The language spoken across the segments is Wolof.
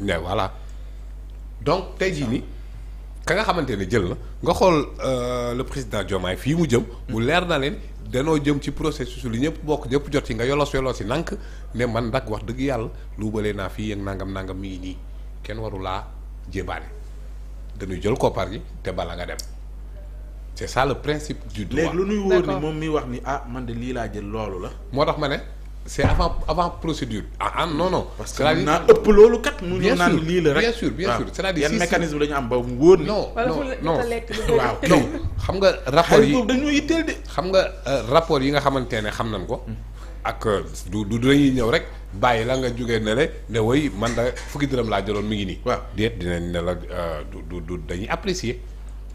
mais voilà donc tey jii ni ka nga xamante ne jël na nga xool euh, le président jomaay fii mu jëm. mu leer na leen danoo jëm ci processus li ñëpp bokk ñëpp jot ci nga yolos yolos yi nank ne man nag wax dëgg yàlla luubalee naa fii yëng nangam nangam mi ngi nii kenn waru laa jébaane dañuy jël koppar yi te bala nga dem c' est ça le principe du droit léegi lu nuy wóor ni moom mi wax ni ah man de lii laa jël loolu la. moo tax ma ne. c'est avant avant procédure ah, ah non non. parce que naa ëpp loolu kat. bien sûr lii la rek bien sûr bien sûr. c'est-à-dire yan mécanisme la ñu am ba mu wóor ni. non non non waaw xam nga rapport yi dañoo yitteel xam nga euh, rapport yi nga xamante ne xam nañ ko. Hmm. ak euh, du du dañuy ñëw rek bàyyi la nga jógee ne le ne woy man da fukki laa jëloon mi ngi nii. waaw déet dinañ ne la euh, du du dañuy apprécier.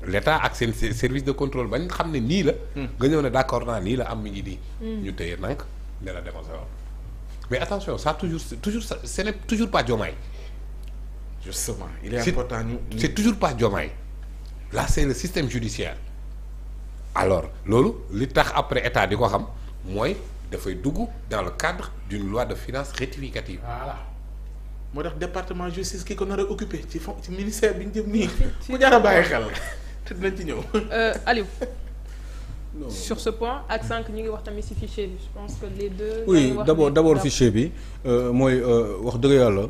l'État ak seen service de contrôle bañ xam ne nii la. Hmm. nga ñëw ne d'accord naa nii la am mu ngi nii. Hmm. ñu téye nank ne la demal sa mais attention ça toujours toujours ce n'est toujours pas Diomaye. justement il est toujours pas Diomaye là c'est le système judiciaire alors loolu li tax après état di ko xam mooy dafay dugg dans le cadre d'une loi de finances rectificative. voilà moo tax département justice ki ko nar a occupé ci fond ci ministère bi ñu jëm nii. mu jar a bàyyi xel te dinañ ci ñëw. Euh, sur ce point ak sànq ñu ngi wax tamit ci fichier bi je pense que les deux. oui d'abord d'abord bi euh, mooy euh, wax dëgg yàlla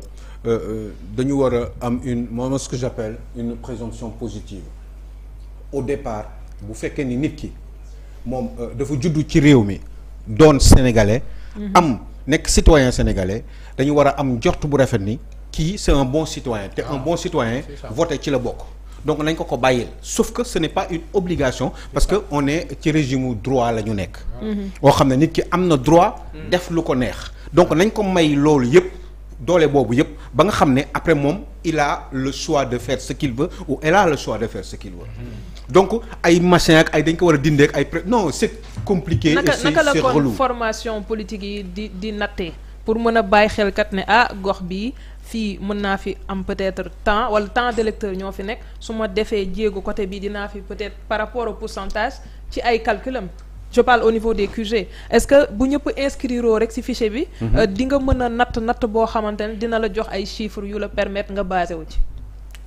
euh, dañu war a am une moom ce que j'appelle une présomption positive au départ bu fekkee ni nit ki moom dafa juddu ci réew mi doon sénégalais. Mhm. am nekk citoyen sénégalais dañu war a am jort bu rafet ni kii c'est un bon citoyen te ah. un bon citoyen voté ci la bokk. donc nañ ko ko bàyyil sauf que ce n'est pas une obligation parce que on est ci régime droit la ñu nekk mm-hmm. boo xam ne nit ki am na droit mm. def lu ko neex donc nañ ko may loolu yëpp doole boobu yëpp ba nga xam ne après moom il le choix de faire ce qu'il veut ou de faire ce qu'il mm-hmm. donc ay machin ak ay dañ ko war a dindee ak ay pré non c'est compliqué et c'est relou naka la formation politique yi di di natte pour mën a bàyyi xel kat ne ah gox bii fii mën naa fi am peut-être temps wala temps d'électeurs ñoo fi nekk su ma defee jéego côté bi dinaa fi peut-être par rapport au pourcentage ci ay calculam je au niveau des QG est-ce que bu ñëpp inscrire rek ci fichier bi. Mhm. Euh, di nga mën a natt natt boo xamante ne dina la jox ay chiffres yu la permettre nga basé wu ci.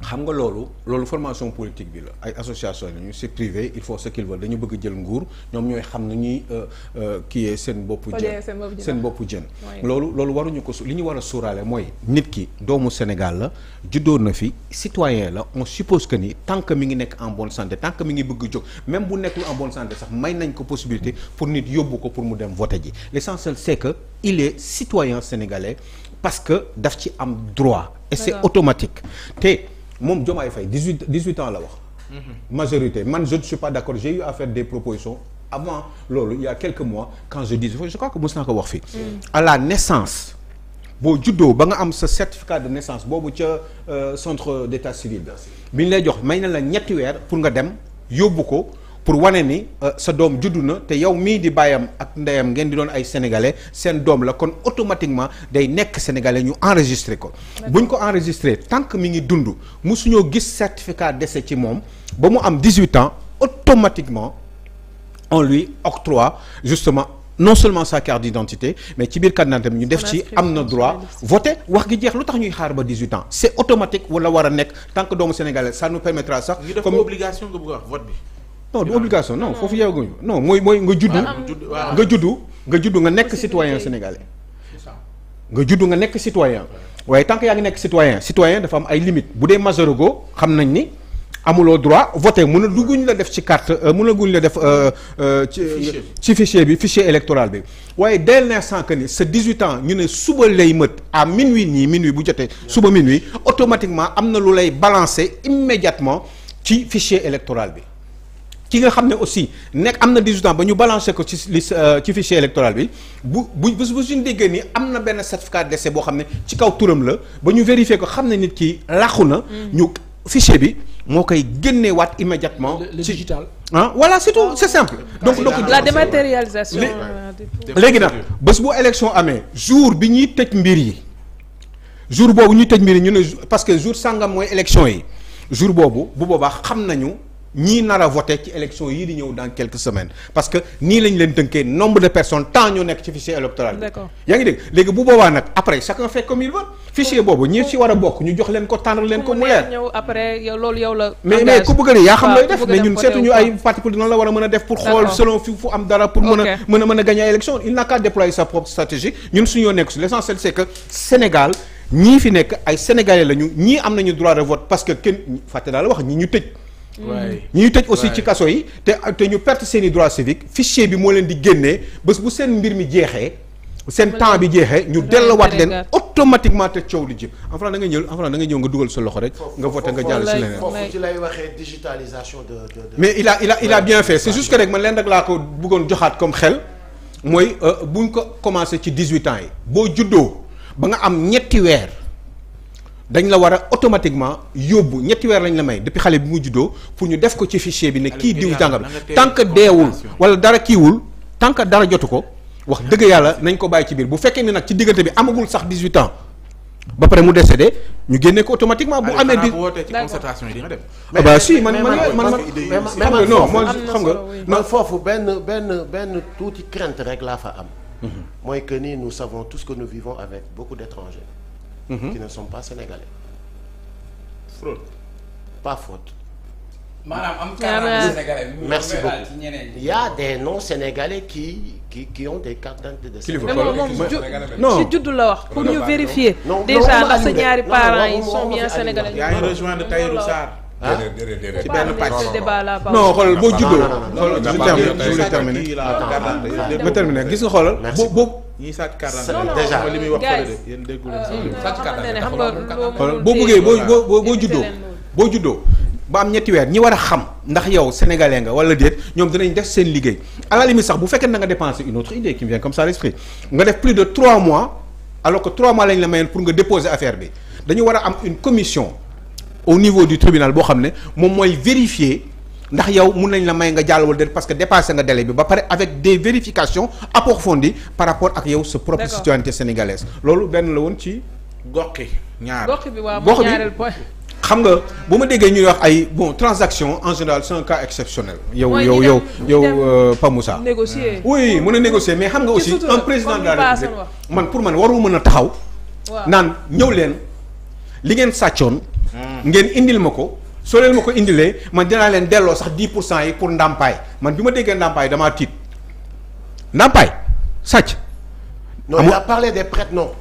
xam nga loolu loolu formation politique bi la ay association la ñu c'est privé il faut ce qu'ils dañu bëgg jël nguur ñoom ñooy xam na ñuy euh, euh, kiyee seen bopp jën seen bopp jën loolu loolu waruñu ko li ñu war a suuraale mooy nit ki doomu Sénégal la juddoo na fi citoyen la on suppose que ni tant que mi ngi nekk en bonne santé tant que mi ngi bëgg jóg même bu nekkul en bonne santé sax may nañ ko possibilité pour nit yóbbu ko pour mu dem voter ji l'essentiel c'est que il est citoyen sénégalais parce que daf ci am droit et automatique te moom Diomaye Faye dix huit dix huit ans la wax. Mhm. majorité man je ne suis pas d' accord j'ai eu à faire des propositions avant loolu il y a quelques mois quand je dis je crois que mos naa ko wax fii. Mm. à la naissance. boo juddoo ba nga am sa certificat de naissance boobu ca euh, centre d'état civil bi ñu lay jox may na la ñetti weer pour nga dem yóbbu ko pour wane ni euh, sa doom juddu na te yow mii di bàyyam ak ndeyam ngeen di doon ay sénégalais seen doom la kon automatiquement day nekk sénégalais ñu enregistré ko. buñ ko enregistré tant que mi ngi dund musuñoo gis certificat décès ci moom ba mu am 18 ans automatiquement on lui octroie justement. non seulement sa carte d'identité mais ci biir carte d'identité ñu def ci am na droit voter wax gi jeex lu tax ñuy xaar ba 18 ans c'est automatique wala war a nekk tant que doomu sénégalais ça nous permettra sax. comme ñu bi. non du obligation non foofu yeewaguñu non mooy mooy nga juddu nga juddu nga juddu nga nekk citoyen sénégalais nga juddu nga nekk citoyen waaye tant que yaa ngi nekk citoyen citoyen dafa am ay limites bu dee majorego xam nañ ni amuloo droit voter mun a dugguñ la def ci carte euh, mën a guñ la def euh, euh, ci fichier bi fichier électoral bi waaye dès l'instant que ni sa 18 ans ñu ne suba lay mët à minuit nii minuit bu jotee suba minuit automatiquement am na lu lay balancer immédiatement ci fichier électoral bi ki nga xam ne aussi nekk am na 18 ba ñu balancer ko ci liste euh, ci fichier électoral bi bu bu bu suñ déggee ni am na benn certificat de décès boo xam ne ci kaw turam la ba ñu vérifier ko xam ne nit ki làqu na. Mm. ñu fichier bi moo koy génneewaat immédiatement. le digital ah voilà c'est tout ah. c'est simple. donc donc la dématérialisation. Euh, léegi nag bés bu élection amee jour bi ñuy tëj mbir yi jour boobu ñuy tëj mbir yi ñu ne parce que jour sàngam mooy élection yi jour boobu bu boobaa xam nañu. ñii nara a voté ci élection yii di ñëw dans quelques semaine parce que nii lañ leen tënkee nombre de personnes tant ñoo nekk ci fichier électoral bi yaa ngi dégg léegi bu boobaa nag après chacun fait comme il veut fichier boobu ñi ci war a bokk ñu jox leen ko tànnal leen ko mu mais mais ku bëgg a yaa xam looy def mais ñun seetuñu ay parti politique noonu la war a mën fu am dara a mën n'a qu'à déployer sa propre stratégie ñun suñoo nekk si l'essentiel c'est que Sénégal ñii fi nekk ay sénégalais lañu ñii am nañu droit de vote parce que kenn fàtte wax ñi ñu tëj ñuy tëj aussi ci kaso yi te te ñu perte seen i droit civique fichier bi moo leen di génnee bés bu seen mbir mi jeexee seen temps bi jeexee ñu delluwaat leen automatiquement te coow li jëm en France da nga ñëw en France da nga ñëw nga dugal sa loxo rek nga voté nga jàll si leneen waxee digitalisation de mais il a il a il a bien fait c'est juste que rek man leen rek laa ko bëggoon joxaat comme xel mooy euh, buñ ko commencé ci 18 ans yi boo juddoo ba nga am ñetti weer dañ la war a automatiquement yóbbu ñetti weer lañ la may depuis xale bi mu juddoo pour ñu def ko ci fichier bi ne kii diw jàngam tant que deewul wala dara kiiwul tant que dara jotu ko wax dëgg yàlla nañ ko bàyyi ci biir bu fekkee ni nag ci diggante bi amagul sax 18 ans ba pare mu décédé ñu génnee ko automatiquement bu amee di ah bah si man man man xam nga non man xam nga man foofu benn benn benn tuuti crainte rek laa fa am mhm. mooy que ni nous savons tout ce que nous vivons avec qui ne sont pas sénégalais. fraude pas faute. maanaam am carte sénégalais. merci beaucoup y a des non sénégalais qui qui ont des cartes d'identité de. non ci juddu la wax pour ñu vérifier. déjà la sa ñaari parents yi sont non xoolal boo juddoo. xoolal ma termine gis nga xoolal boobu. ñiy sàcc carte li muy wax fële de yéen déggul euh, sàcc carte d'identité boo buggee boo boo juddoo boo juddoo ba am ñetti weer ñi war a xam ndax yow sénégalais nga wala déet ñoom dinañ def seen liggéey à la sax bu fekkee na nga dépenser une autre idée qui me comme ça à nga def plus de trois mois alors que trois mois lañ la mayeen pour nga déposer affaire bi dañu war a am une commission au niveau du tribunal boo xam ne moom mooy vérifier ndax yow mun nañ la may nga jàll wala déet parce que dépassé nga délai bi ba pare avec des vérifications approfondies par rapport ak yow sa propre citoyenneté sénégalaise loolu benn la woon ci goxi ñaar gox bi waaw gox bi xam nga bu ma déggee ñuy wax ay bon transaction en général c'est un cas exceptionnel. yow yow yow yow euh, Pa Moussa. négocier oui mën a négocier mais xam nga aussi un président de man pour man waru mën a taxaw. naan ñëw leen li ngeen sàccoon. Hmm. ngeen indil ma ko. soo leen ma ko indilee man dinaa leen delloo sax 10 pour cent yi pour ndàmpaay man bi ma déggee ndàmpaay damaa tiit ndàmpaay sàcc. non il a parlé des prêtres non.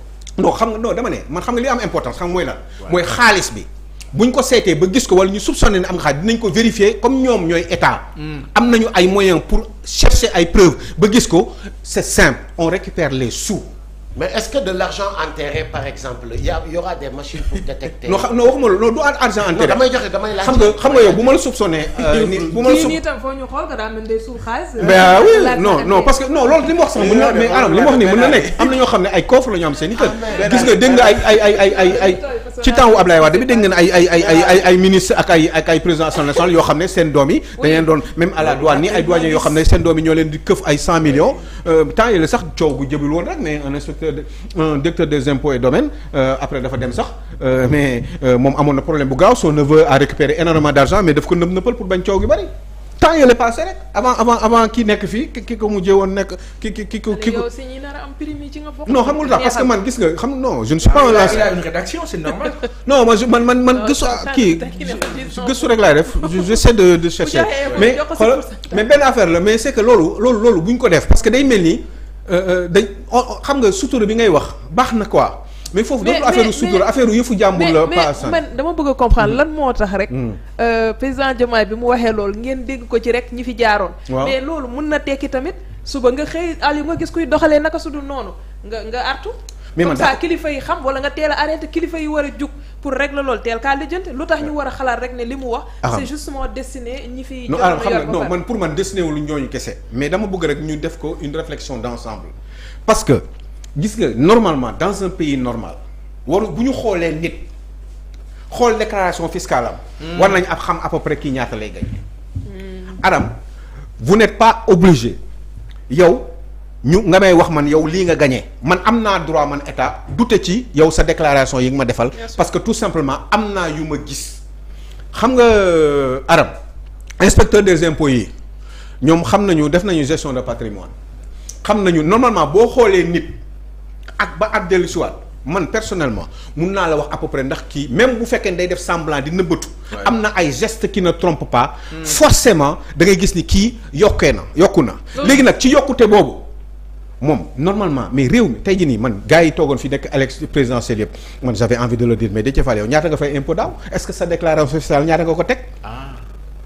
xam nga non dama ne man xam nga li am importance xam mooy lan. mooy xaalis bi. bu ñu ko seetee ba gis ko wala ñu soupçonné ne am nga xaalis dinañ ko vérifier comme ñoom ñooy état. Hmm. am nañu ay moyen pour chercher ay preuves ba gis ko c'est simple on récupère les sous. mais est-ce que de l'argent enterré par exemple y a y aura des machines pour détecter. non xam non waxuma la non du argent enterré. xam nga xam nga yow bu ma la soupçonné. Euh, ni bu ma la soupçonné tam foo ñu que daa mel day suul xaalis. laaj ah, oui parce que non loolu li mu wax sax mën na mais anam ah, li mu wax nii mën na nekk am na ñoo xam ne ay coffre la ñu am seen i kër. Ah, gis nga dégg ay ay ay ay ay ci temps wu Ablaye Wade bi dégg ngeen ay ay ay ministre ak ay ay président assemblée nationale yoo xam ne seen doom yi dañ leen doon même à la douane doom yi ñoo leen di këf ay cent millions euh, temps yële sax directeur de un directeur des impôts et domaines euh, après dafa dem sax euh, mais euh, moom amoon na problème bu gaaw son neveu a récupéré énormément d'argent mais daf ko nëb nëppal pour bañ coow gi bari temps yële passé rek avant avant avant nekk fii ki ko mujjee woon nekk ki ki ki ko non xam nga lu man gis nga non je ne suis pas ah, non man man man man gëstu kii gëstu rek laay def j'essaie de de chercher mais xoolal mais benn affaire la mais c'est que loolu loolu loolu bu ko def parce Euh, euh, dañ xam nga sutura bi ngay wax baax na quoi. mais foofu dootul affaire sutura affaire yëfu jàmbur la. pas man dama bëgg a comprendre mm. lan moo tax rek. Mm. Euh, président Diomaye bi mu waxee loolu ngeen dégg ko ci rek ñi fi jaaroon. mais loolu mun na tekki tamit suba nga xëy Aliou nga gis kuy doxalee naka su dul noonu nga nga artu. mais man comme ça kilifa yi xam wala nga teel a arrêté kilifa yi war a jug. pour régler loolu teel kaa lijjanti lu tax ñu war a xalaat rek ne li mu wax ah. c'est justement destiné ñi fi non xam nga non man pour man destiné wul ñooñu kese mais dama bëgg rek ñu def ko une réflexion d'ensemble parce que gis nga normalement dans un pays normal waru bu ñu xoolee nit xool déclaration fiscale am hmm. war nañ ab xam à peu près kii ñaata lay gañ hmm. Adam vous pas obligé yow ñu nga may wax man yow lii nga gagné man am naa droit man état dute ci yow sa déclaration yi nga ma defal. parce que tout simplement am naa yu ma gis. xam nga euh, arab inspecteur des impôts yi ñoom xam nañu def nañu gestion de patrimoine xam nañu normalement boo xoolee nit ak ba at dellu si man personnellement mun naa la wax à ndax kii même bu fekkee nday def semblant di nëbbatu. am na ay gestes qui ne trompe pas. Hmm. forcément da ngay gis ni kii yokkee na yokku na. léegi nag ci yokkute boobu. moom normalement mais réew mi tey ji nii man gars yi toogoon fi nekk élection présidentielle yëpp man j'avais envie de le dire mais Déthié Fall yow ñaata nga fay impôt daaw est-ce que sa déclaration fiscale ñaata nga ko teg. Ah.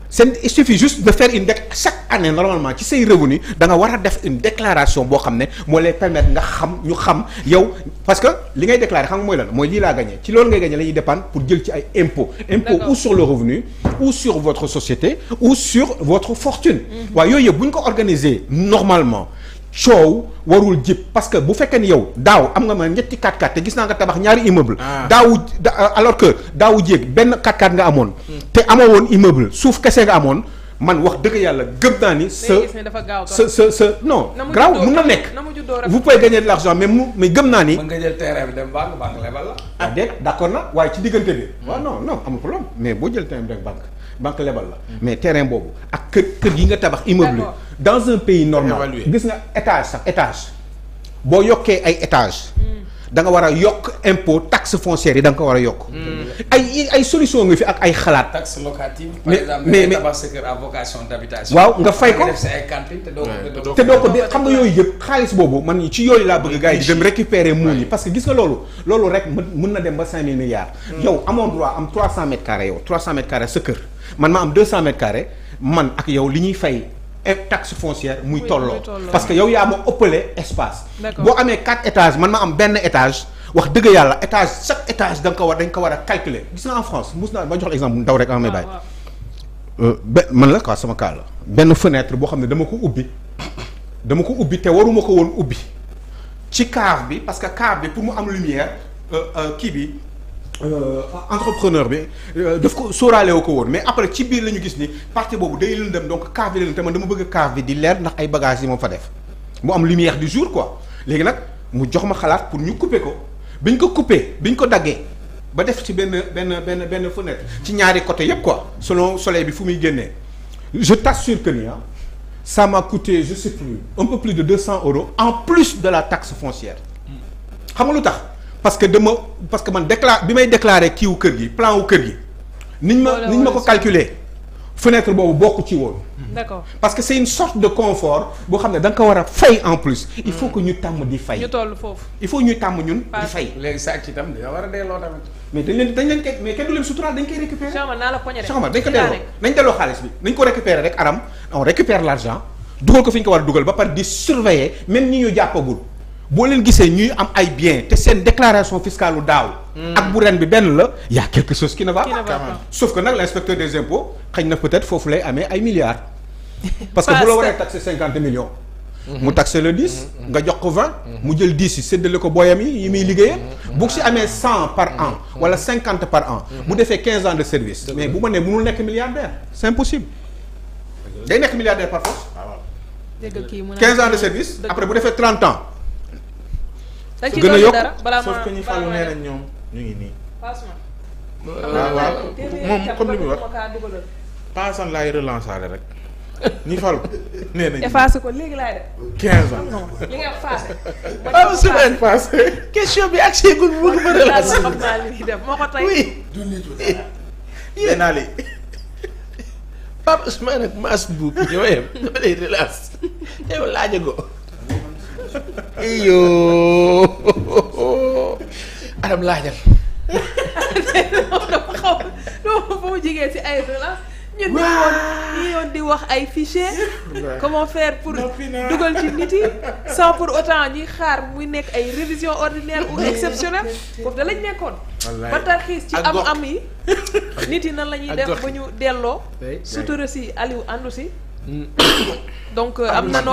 seen il suffit juste de faire une déc chaque année normalement ci say revenu da nga a def une déclaration boo xam ne moo lay permettre nga xam ñu xam yow parce que li ngay déclarer xam nga mooy lan mooy lii laa gagné ci loolu ngay gagné la ñuy dépendre pour jël ci ay impôts. impôts ou sur le revenu ou sur votre société ou sur votre mm-hmm. yooyu yëpp ko organiser normalement. coow warul jib parce que bu fekkee ni yow daaw am nga ma ñetti 4 x te gis naa nga tabax ñaari immeuble ah. daawu euh, alors que daawu jéeg benn 4 x nga amoon hmm. te amoo woon immeuble suuf kese nga amoon man wax dëgg yàlla gëm naa ni sa sa sa sa non graaw mun na nekk vous pouvez gagner de l'argent mais mu mais gëm naa ni nga jël terrain bi dem ah, waaye ci diggante bi waaw ah, non non amul problème mais boo jël terrain bi dem banque banque lebal la hmm. mais terrain boobu ak kër kër yi nga tabax immeuble dans un pays normal gis nga étage sax étage boo yokkee ay étage da nga war a yokk impôt taxe foncière yi da nga ko war a yokk. ay ay solution nga fi ak ay xalaat. taxe locative par exemple mais mais tabax sa kër à vocation d'habitation. waaw nga fay ko te doo ko xam nga yooyu yëpp xaalis boobu man ci yooyu laa bëgg gars yi di dem récupérer muun yi parce que gis nga loolu loolu rek mën na dem ba cinq mille milliards. Mm. yow amoon droit am trois cent mètres carrés yow trois cent mètres carrés sa kër man ma am deux cent mètres carrés man ak yow li ñuy fay. taxe foncière muy tolloo parce que yow yaa ma ëppale espace boo amee quatre étages man ma am benn étage wax dëgg yàlla étage chaque étage da nga ko war dañ ko war a calculer gis naa en France mus naa ma jox exemple ndaw rek amee bàyyi benn man la quoi sama cas la benn fenêtre boo xam ne dama ko ubbi dama ko ubbi te waruma ko woon ubbi ci cave bi parce que cave bi pour mu am lumière euh, euh, kii bi Euh, entrepreneur bi euh, daf ko sóoraale woo ko woon mais après ci biir la ñu gis ni parti boobu day leen dem donc cave leen te man dama bëgg a cave di leer ndax ay bagages yi ma fa def mu am lumière di jour quoi léegi nag mu jox ma xalaat pour ñu couper ko bi biñ ko couper biñ ko daggee ba def ci benn benn benn benn fenêtre ci ñaari côté yépp quoi selon soleil bi fu muy génnee je t'assure que ni sama m'a coûté je sais plus un peu plus de deux cents euros en plus de la taxe foncière xam tax parce que dama parce que man déclare bi may déclarer kii wu kër gi plan wu kër gi. niñ ma niñ ma ko calculer fenêtre boobu bokk ci woon. d'accord parce que c'est une sorte de confort boo xam ne da ko war a fay en plus. il faut mm. que ñu tàmm di fay. ñu toll foofu il faut ñu tàmm ñun. mais dañ dañ koy ko delloo xaalis bi nañ ko récupérer rek aram on récupère l'argent dugal ko fi ñu ko war a dugal ba pare di surveiller même ñi ñu jàppagul boo leen gisee ñuy am ay bien te seen déclaration fiscale lu daaw. Hmm. ak bu ren bi benn la y' a quelque chose qui ne va pas. sauf que nag l' des impôts xëy na peut-être foofu lay amee ay milliards. parce que bu la waree taxer cinquante millions. Hmm. mu taxé le 10. Hmm. nga jox ko 20. mu jël 10 yi séddale ko booyam yi yi muy liggéeyam. bu si amee cent par an. wala 50 par an. bu defee 15 ans de service. mais bu ma nee mënul nekk milliardaire c' est impossible. day par force. 15 ah, ans de service defee 30 ans. dañ gën a yokk balaa ma sauf que ñi falu nee nañ ñoom ñu ngi nii. Ah, moom comme li muy wax paasan laay relancer rek ñi falu nee nañ. effacé ko léegi laay def. 15 ans non semaine ah, passée question bi ak Cheikh Goudou bëgg bëri la. xam naa li ñuy def moo ko itam laajal. dama xaw ma ba mu jigéen si ay relance. ñun ñu woon ñu woon di wax ay fichier comment faire pour dugal ci nit yi sans pour autant ñuy xaar muy nekk ay révision ordinaire ou exceptionnelle foofu da lañ nekkoon ba tarxiis ci am am yi nit yi nan la ñuy def ba ñu delloo sutura si Aliou àndu si mm. donc am na noo